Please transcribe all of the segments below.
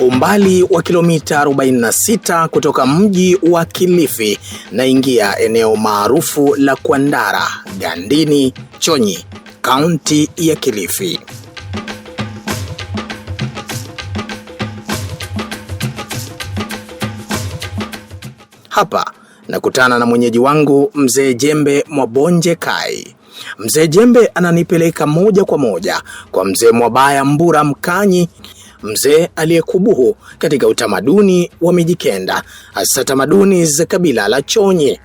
umbali wa kilomita 46 kutoka mji wa Kilifi na ingia eneo maarufu la Kwandara, Gandini, Chonyi, kaunti ya Kilifi. Hapa nakutana na mwenyeji wangu Mzee Jembe Mwabonje Kai. Mzee Jembe ananipeleka moja kwa moja kwa Mzee Mwabaya Mbura Mkanyi mzee aliyekubuhu katika utamaduni wa Mijikenda, hasa tamaduni za kabila la Chonyi.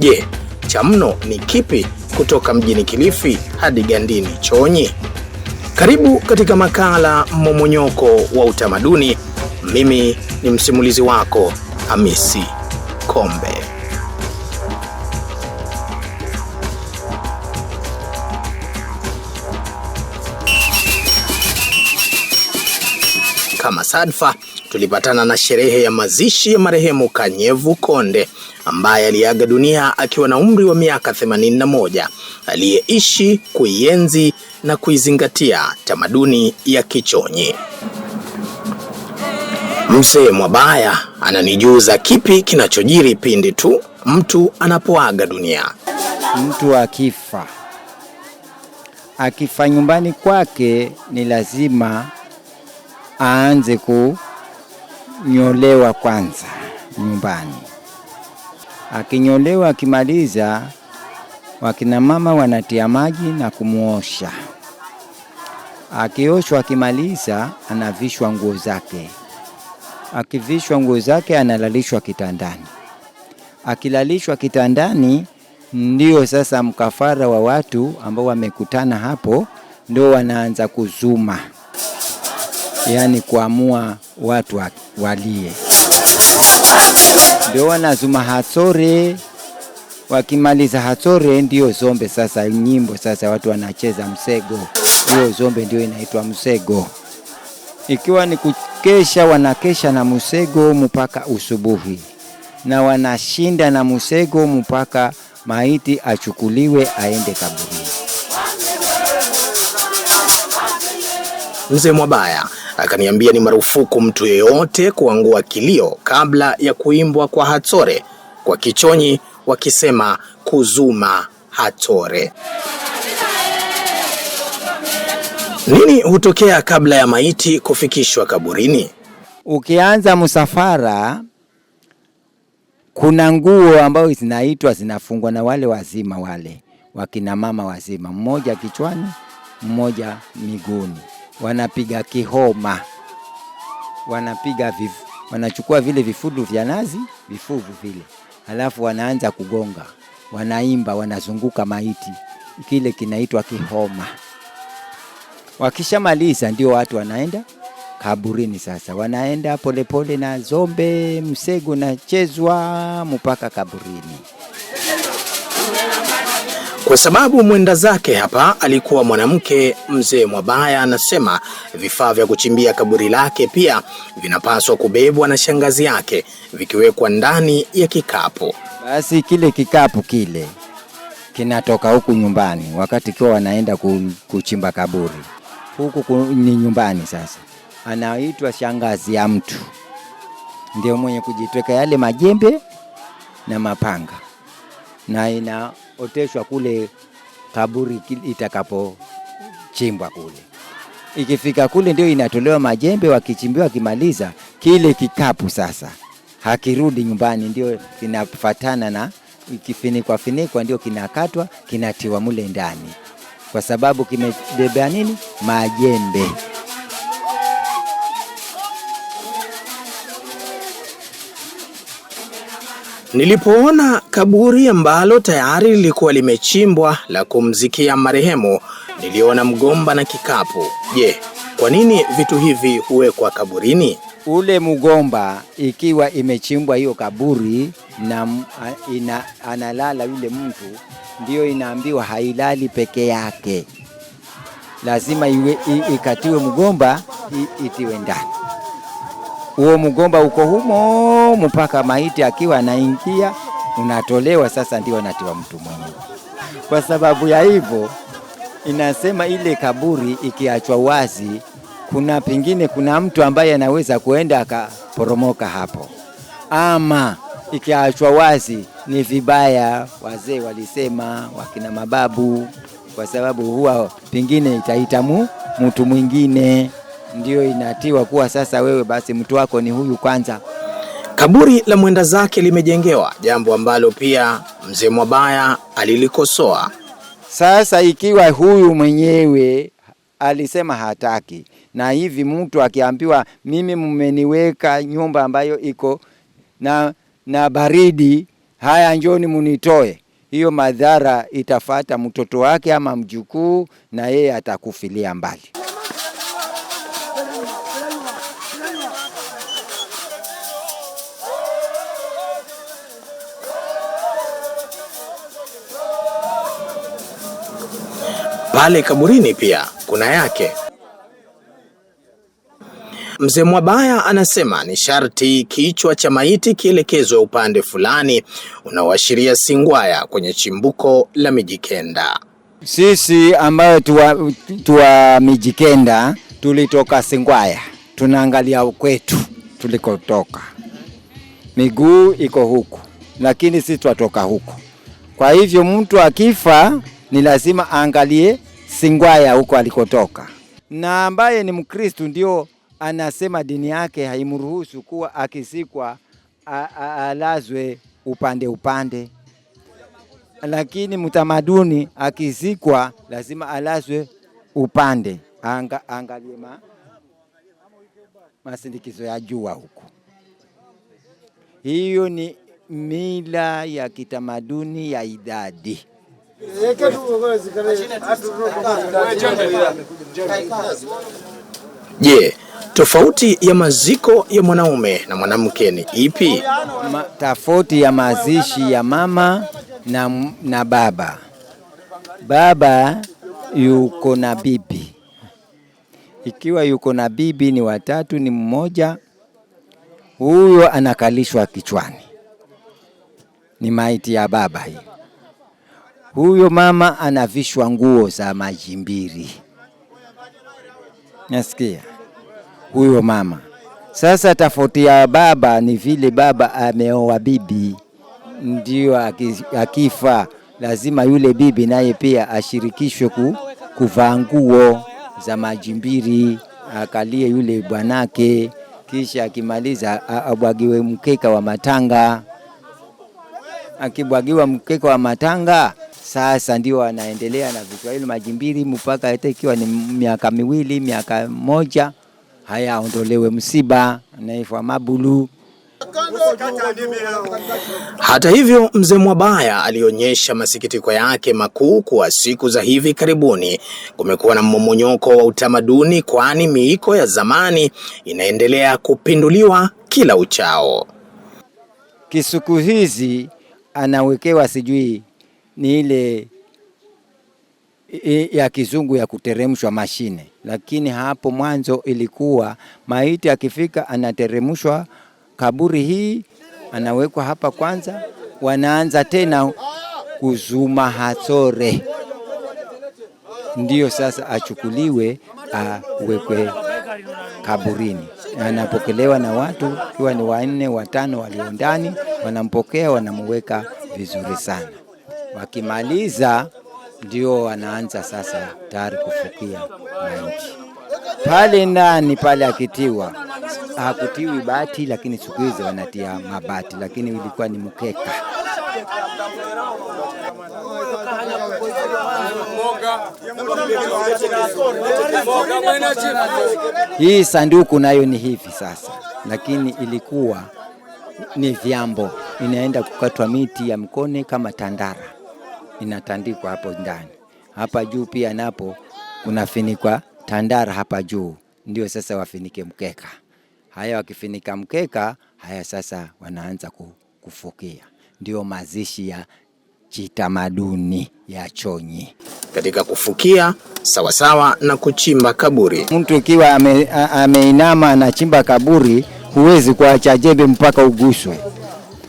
Je, cha mno ni kipi kutoka mjini Kilifi hadi Gandini Chonyi? Karibu katika makala Momonyoko wa Utamaduni. Mimi ni msimulizi wako Hamisi Kombe. Sadfa tulipatana na sherehe ya mazishi ya marehemu Kanyevu Konde ambaye aliaga dunia akiwa na umri wa miaka 81, aliyeishi kuienzi na kuizingatia tamaduni ya Kichonyi. Mzee Mwabaya ananijuza kipi kinachojiri pindi tu mtu anapoaga dunia. Mtu akifa akifa nyumbani kwake ni lazima aanze kunyolewa kwanza nyumbani. Akinyolewa akimaliza, wakina mama wanatia maji na kumwosha. Akioshwa akimaliza, anavishwa nguo zake. Akivishwa nguo zake, analalishwa kitandani. Akilalishwa kitandani, ndio sasa mkafara wa watu ambao wamekutana hapo, ndio wanaanza kuzuma yaani kuamua watu walie, ndio wanazuma hatsore. Wakimaliza hatsore, ndio zombe sasa, nyimbo sasa, watu wanacheza msego. Hiyo zombe ndio inaitwa msego, ikiwa ni kukesha, wanakesha na msego mpaka usubuhi, na wanashinda na msego mpaka maiti achukuliwe aende kaburi. Mzee Mwabaya akaniambia ni marufuku mtu yeyote kuangua kilio kabla ya kuimbwa kwa Hatore, kwa Kichonyi wakisema kuzuma Hatore. Nini hutokea kabla ya maiti kufikishwa kaburini? Ukianza msafara, kuna nguo ambayo zinaitwa zinafungwa na wale wazima, wale wakina mama wazima, mmoja kichwani, mmoja miguuni wanapiga kihoma, wanapiga vifu, wanachukua vile vifudu vya nazi, vifuvu vile, halafu wanaanza kugonga, wanaimba, wanazunguka maiti, kile kinaitwa kihoma. Wakishamaliza ndio watu wanaenda kaburini. Sasa wanaenda polepole pole na zombe msego nachezwa mpaka kaburini. Kwa sababu mwenda zake hapa alikuwa mwanamke, mzee Mwabaya anasema vifaa vya kuchimbia kaburi lake pia vinapaswa kubebwa na shangazi yake, vikiwekwa ndani ya kikapu. Basi kile kikapu kile kinatoka huku nyumbani, wakati kiwa wanaenda kuchimba kaburi, huku ni nyumbani. Sasa anaitwa shangazi ya mtu, ndio mwenye kujitweka yale majembe na mapanga na ina itaoteshwa kule kaburi itakapochimbwa kule. Ikifika kule ndio inatolewa majembe, wakichimbiwa, wakimaliza, kile kikapu sasa hakirudi nyumbani, ndio kinafatana na ikifinikwa finikwa, ndio kinakatwa kinatiwa mule ndani, kwa sababu kimebebea nini? Majembe. Nilipoona Kaburi ambalo tayari lilikuwa limechimbwa la kumzikia marehemu, niliona mgomba na kikapu. Je, kwa nini vitu hivi huwekwa kaburini? Ule mgomba ikiwa imechimbwa hiyo kaburi na ina, analala yule mtu, ndiyo inaambiwa hailali peke yake, lazima iwe, ikatiwe mgomba itiwe ndani. Huo mgomba uko humo mpaka maiti akiwa anaingia unatolewa sasa, ndio anatiwa mtu mwingine. Kwa sababu ya hivyo, inasema ile kaburi ikiachwa wazi, kuna pengine kuna mtu ambaye anaweza kuenda akaporomoka hapo, ama ikiachwa wazi ni vibaya. Wazee walisema, wakina mababu, kwa sababu huwa pengine itaita mtu mwingine, ndio inatiwa kuwa sasa, wewe basi mtu wako ni huyu kwanza. Kaburi la mwenda zake limejengewa, jambo ambalo pia mzee Mwabaya alilikosoa. Sasa ikiwa huyu mwenyewe alisema hataki, na hivi mtu akiambiwa mimi mmeniweka nyumba ambayo iko na, na baridi, haya njoni munitoe, hiyo madhara itafata mtoto wake ama mjukuu, na yeye atakufilia mbali. pale kaburini pia kuna yake. Mzee Mwabaya anasema ni sharti kichwa cha maiti kielekezwe upande fulani unaoashiria Singwaya kwenye chimbuko la Mijikenda. Sisi ambayo tuwa, tuwa Mijikenda tulitoka Singwaya, tunaangalia kwetu tulikotoka, miguu iko huku, lakini sisi twatoka huku. Kwa hivyo mtu akifa ni lazima aangalie Singwaya huko alikotoka, na ambaye ni Mkristu ndio anasema dini yake haimruhusu kuwa akisikwa alazwe upande upande, lakini mtamaduni akisikwa lazima alazwe upande anga, angalie masindikizo ya jua huko. Hiyo ni mila ya kitamaduni ya idadi. Je, tofauti ya maziko ya mwanaume na mwanamke ni ipi? tofauti ya mazishi ya mama na, na baba. Baba yuko na bibi, ikiwa yuko na bibi ni watatu, ni mmoja huyo, anakalishwa kichwani, ni maiti ya baba hii huyo mama anavishwa nguo za majimbiri, nasikia huyo mama. Sasa tofauti ya baba ni vile baba ameoa bibi, ndio akifa lazima yule bibi naye pia ashirikishwe ku, kuvaa nguo za majimbiri, akalie yule bwanake, kisha akimaliza abwagiwe mkeka wa matanga. Akibwagiwa mkeka wa matanga sasa ndio anaendelea na vichwa hilo majimbili mpaka hata ikiwa ni miaka miwili miaka moja, hayaondolewe msiba naifa mabulu. Hata hivyo, mzee Mwabaya alionyesha masikitiko yake makuu kuwa siku za hivi karibuni kumekuwa na mmomonyoko wa utamaduni, kwani miiko ya zamani inaendelea kupinduliwa kila uchao. Kisuku hizi anawekewa sijui ni ile ya kizungu ya kuteremshwa mashine, lakini hapo mwanzo ilikuwa maiti akifika anateremshwa kaburi hii, anawekwa hapa kwanza, wanaanza tena kuzuma hasore, ndiyo sasa achukuliwe awekwe kaburini. Anapokelewa na watu, ikiwa ni wanne watano walio ndani, wanampokea wanamuweka vizuri sana. Wakimaliza ndio wanaanza sasa tayari kufukia wananchi pale ndani pale. Akitiwa hakutiwi bati, lakini siku hizi wanatia mabati, lakini ilikuwa ni mkeka. Hii sanduku nayo ni hivi sasa, lakini ilikuwa ni vyambo, inaenda kukatwa miti ya mkone kama tandara inatandikwa hapo ndani. Hapa juu pia napo kunafinikwa tandara hapa juu, ndio sasa wafinike mkeka. Haya, wakifinika mkeka, haya sasa wanaanza kufukia, ndio mazishi ya kitamaduni ya chonyi katika kufukia sawasawa na kuchimba kaburi. Mtu ikiwa ameinama ame anachimba kaburi, huwezi kuacha jembe mpaka uguswe,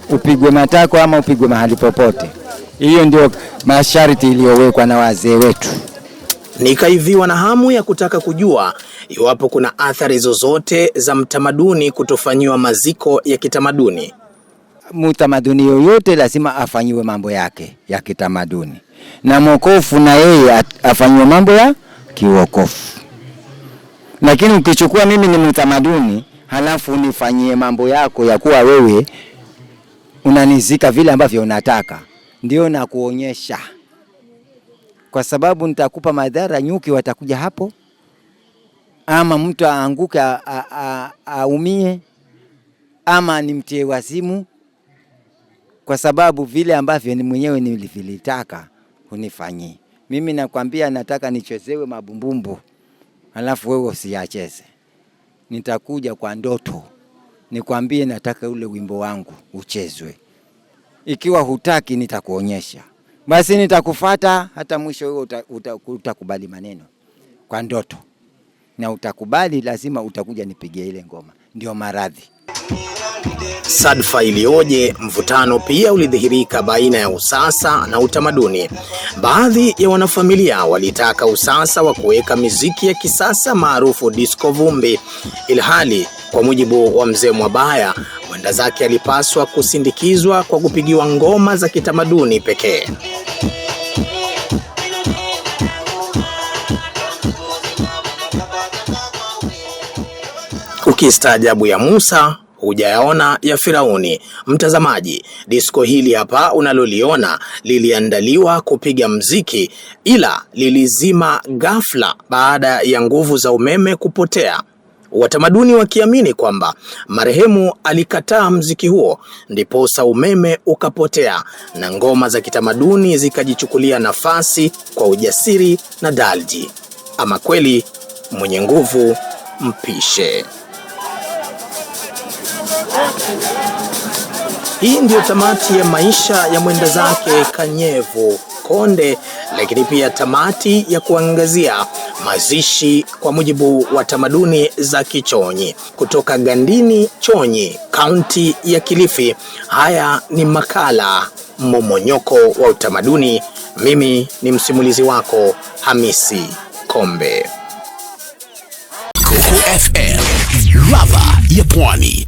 upigwe matako ama upigwe mahali popote. Hiyo ndio masharti iliyowekwa na wazee wetu. Nikaiviwa na hamu ya kutaka kujua iwapo kuna athari zozote za mtamaduni kutofanyiwa maziko ya kitamaduni. Mtamaduni yoyote lazima afanyiwe mambo yake ya kitamaduni, na mwokofu na yeye afanyiwe mambo ya kiwokofu. Lakini ukichukua mimi ni mtamaduni, halafu unifanyie mambo yako ya kuwa wewe unanizika vile ambavyo unataka ndio na kuonyesha, kwa sababu nitakupa madhara. Nyuki watakuja hapo, ama mtu aanguke aumie, ama nimtie wazimu, kwa sababu vile ambavyo ni mwenyewe nilivilitaka hunifanyii mimi. Nakwambia nataka nichezewe mabumbumbu, alafu wewe usiacheze. Nitakuja kwa ndoto nikwambie nataka ule wimbo wangu uchezwe ikiwa hutaki nitakuonyesha, basi nitakufata hata mwisho huo, uta, uta, utakubali maneno kwa ndoto na utakubali, lazima utakuja nipigie ile ngoma. Ndio maradhi. Sadfa iliyoje! Mvutano pia ulidhihirika baina ya usasa na utamaduni. Baadhi ya wanafamilia walitaka usasa wa kuweka miziki ya kisasa maarufu disco vumbi, ilhali kwa mujibu wa mzee Mwabaya kanda zake alipaswa kusindikizwa kwa kupigiwa ngoma za kitamaduni pekee. Ukistaajabu ya Musa hujayaona ya Firauni. Mtazamaji, disko hili hapa unaloliona liliandaliwa kupiga mziki, ila lilizima ghafla baada ya nguvu za umeme kupotea watamaduni wakiamini kwamba marehemu alikataa mziki huo, ndiposa umeme ukapotea na ngoma za kitamaduni zikajichukulia nafasi kwa ujasiri na dalji. Ama kweli mwenye nguvu mpishe. Hii ndiyo tamati ya maisha ya mwenda zake Kanyevu. Konde, lakini pia tamati ya kuangazia mazishi kwa mujibu wa tamaduni za Kichonyi kutoka Gandini, Chonyi, kaunti ya Kilifi. Haya ni makala Mmomonyoko wa Utamaduni. Mimi ni msimulizi wako Hamisi Kombe, Coco FM, ladha ya Pwani.